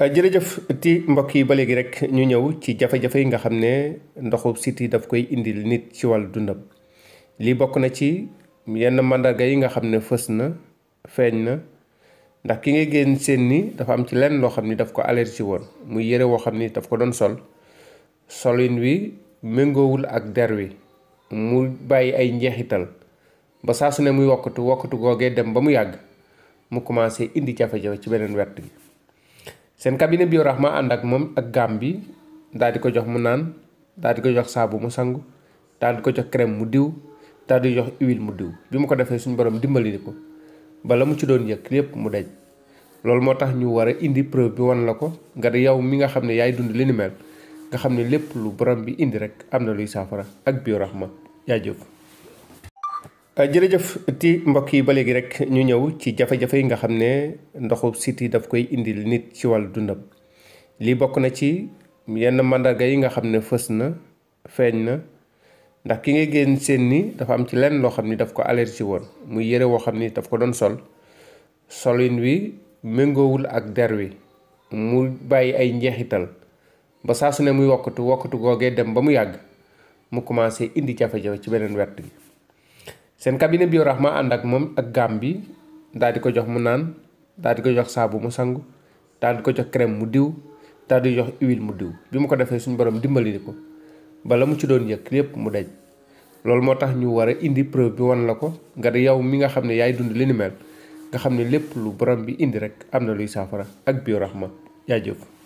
Euh, jërëjëf ti mbokk yi ba léegi rek ñu ñëw ci jafe-jafe yi nga xam ne ndoxu siti daf koy indil nit ci wàllu dundam lii bokk na ci yenn màndarga yi nga xam ne fës na feeñ na ndax ki ngay génn séen ni dafa am ci lenn loo xam ni daf ko allergie woon muy yére woo xam ni daf ko doon sol solin wi méngoowul ak der wi mu bàyyi ay njeexital ba saa su ne muy wokkatu wokkatu googee dem ba mu yàgg mu commencé indi jafe-jafe ci beneen wet gi seen cabinet Biorahma ànd ak moom ak gaam bi daal di ko jox mu naan daal di ko jox saabu mu sangu daal ko jox crème mu diw daal di jox huile mu diw bi mu ko defee suñu borom dimbali ko bala mu ci doon yëg lépp mu dej loolu moo tax ñu war a indi preuve bi wan la ko nga di yow mi nga xam ne yaay dund li ni mel nga xam ne lépp lu borom bi indi rek am na luy saafara ak rax ma yaa jëf Euh, jërëjëf ti mbokk yi ba léegi rek ñu ñëw ci jafe-jafe yi nga xam ne ndoxu siti daf koy indil nit ci wàll dundam lii bokk na ci yenn màndarga yi nga xam ne fës na feeñ na ndax ki ngay génn séen ni dafa am ci lenn loo xam ni daf ko allergie woon muy yére woo xam ni daf ko doon sol solin wi méngoowul ak der wi mu bàyyi ay njeexital ba saa ne muy wokkatu wokkatu googee dem ba mu yàgg mu commencé indi jafe-jafe ci beneen wet bi seen cabinet Biorahma ànd ak moom ak gaam bi daal di ko jox mu naan daal di ko jox saabu mu sangu daal ko jox crème mu diw daal di jox huile mu diw bi mu ko defee suñu borom dimbali ko bala mu ci doon yëg lépp mu daj loolu moo tax ñu war a indi preuve bi wan la ko nga di yow mi nga xam ne yaay dund li ni mel nga xam ne lépp lu borom bi indi rek am na luy saafara ak ma yaa jëf